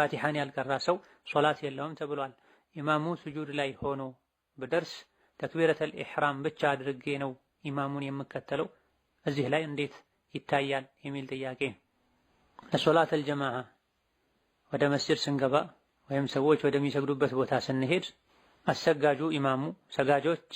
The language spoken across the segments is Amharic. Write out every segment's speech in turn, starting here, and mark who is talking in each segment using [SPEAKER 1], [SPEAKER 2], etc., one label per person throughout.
[SPEAKER 1] ፋቲሃን ያልቀራ ሰው ሶላት የለውም ተብሏል። ኢማሙ ስጁድ ላይ ሆኖ ብደርስ ተክቢረተል ኢሕራም ብቻ አድርጌ ነው ኢማሙን የምከተለው እዚህ ላይ እንዴት ይታያል የሚል ጥያቄ። ለሶላተል ጀማዓ ወደ መስጅድ ስንገባ ወይም ሰዎች ወደሚሰግዱበት ቦታ ስንሄድ አሰጋጁ ኢማሙ ሰጋጆች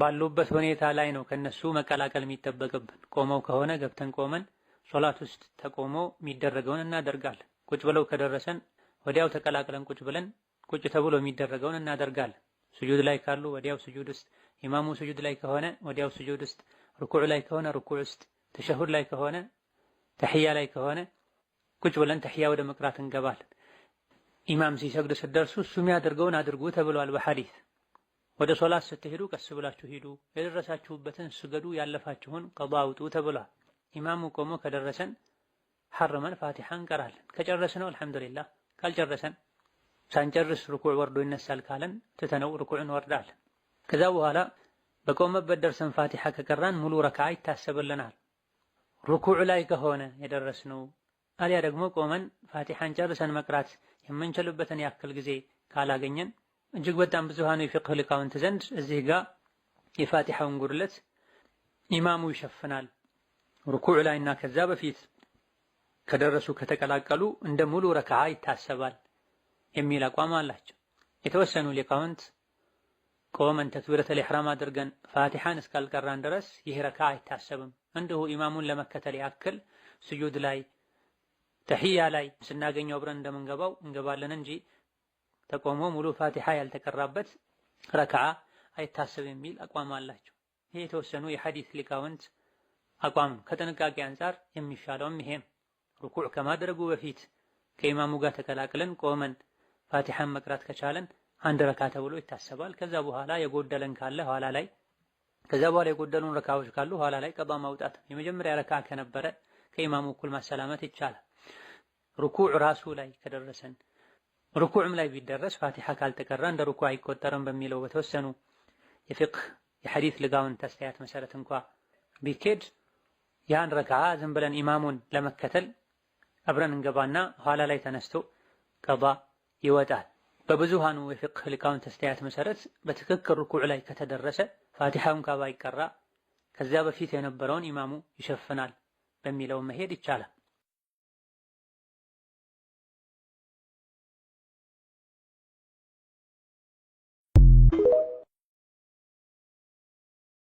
[SPEAKER 1] ባሉበት ሁኔታ ላይ ነው ከነሱ መቀላቀል የሚጠበቅብን። ቆመው ከሆነ ገብተን ቆመን ሶላት ውስጥ ተቆሞ የሚደረገውን እናደርጋለን። ቁጭ ብለው ከደረሰን ወዲያው ተቀላቅለን ቁጭ ብለን ቁጭ ተብሎ የሚደረገውን እናደርጋለን። ስጁድ ላይ ካሉ ወዲያው ስጁድ ውስጥ፣ ኢማሙ ስጁድ ላይ ከሆነ ወዲያው ስጁድ ውስጥ፣ ርኩዕ ላይ ከሆነ ርኩዕ ውስጥ፣ ተሸሁድ ላይ ከሆነ ተሕያ ላይ ከሆነ ቁጭ ብለን ተሕያ ወደ መቅራት እንገባለን። ኢማም ሲሰግድ ስትደርሱ እሱ የሚያደርገውን አድርጉ ተብሏል በሐዲስ። ወደ ሶላት ስትሄዱ ቀስ ብላችሁ ሂዱ፣ የደረሳችሁበትን ስገዱ፣ ያለፋችሁን ቀዷ አውጡ ተብሏል። ኢማሙ ቆሞ ከደረሰን ሐርመን ፋቲሓ እንቀራለን። ከጨረስነው አልሐምዱሊላህ፣ ካልጨረሰን ሳንጨርስ ርኩዕ ወርዶ ይነሳል ካለን ትተነው ርኩዕ እንወርዳለን። ከዛ በኋላ በቆመበት ደርሰን ፋቲሓ ከቀራን ሙሉ ረክዓ ይታሰብልናል። ርኩዕ ላይ ከሆነ የደረስነው አሊያ ደግሞ ቆመን ፋቲሓን ጨርሰን መቅራት የምንችልበትን ያክል ጊዜ ካላገኘን እጅግ በጣም ብዙሃኑ የፊቅህ ሊቃውንት ዘንድ እዚህ ጋር የፋቲሓውን ጉድለት ኢማሙ ይሸፍናል ርኩዕ ላይና ከዛ በፊት ከደረሱ ከተቀላቀሉ እንደ ሙሉ ረክዓ ይታሰባል የሚል አቋም አላቸው። የተወሰኑ ሊቃውንት ቆመን ተክቢረተል ኢሕራም አድርገን ፋቲሓን እስካልቀራን ድረስ ይህ ረክዓ አይታሰብም፣ እንዲሁ ኢማሙን ለመከተል ያክል ስጁድ ላይ ተህያ ላይ ስናገኘው አብረን እንደምንገባው እንገባለን እንጂ ተቆሞ ሙሉ ፋቲሓ ያልተቀራበት ረክዓ አይታሰብ የሚል አቋም አላቸው። ይህ የተወሰኑ የሐዲስ ሊቃውንት አቋም ከጥንቃቄ አንጻር የሚሻለውም ይሄ ነው። ሩኩዕ ከማድረጉ በፊት ከኢማሙ ጋር ተቀላቅለን ቆመን ፋቲሐን መቅራት ከቻለን አንድ ረካ ተብሎ ይታሰባል። ከዛ በኋላ የጎደለን ካለ ኋላ ላይ ከዛ በኋላ የጎደሉን ረካዎች ካሉ ኋላ ላይ ቀባ ማውጣት የመጀመሪያ ረካ ከነበረ ከኢማሙ እኩል ማሰላመት ይቻላል። ሩኩዕ ራሱ ላይ ከደረሰን ሩኩዕም ላይ ቢደረስ ፋቲሐ ካልተቀራ እንደ ሩኩዕ አይቆጠርም በሚለው በተወሰኑ የፊቅህ የሐዲስ ልጋውንት አስተያየት መሰረት እንኳ ቢኬድ ያን ረካ ዝም ብለን ኢማሙን ለመከተል አብረን እንገባና ኋላ ላይ ተነስቶ ቀባ ይወጣል። በብዙሃኑ የፍቅህ ሊቃውንት አስተያየት መሰረት በትክክል ርኩዕ ላይ ከተደረሰ ፋቲሐውን ካባ ይቀራ ከዚያ በፊት የነበረውን ኢማሙ ይሸፍናል በሚለው መሄድ ይቻላል።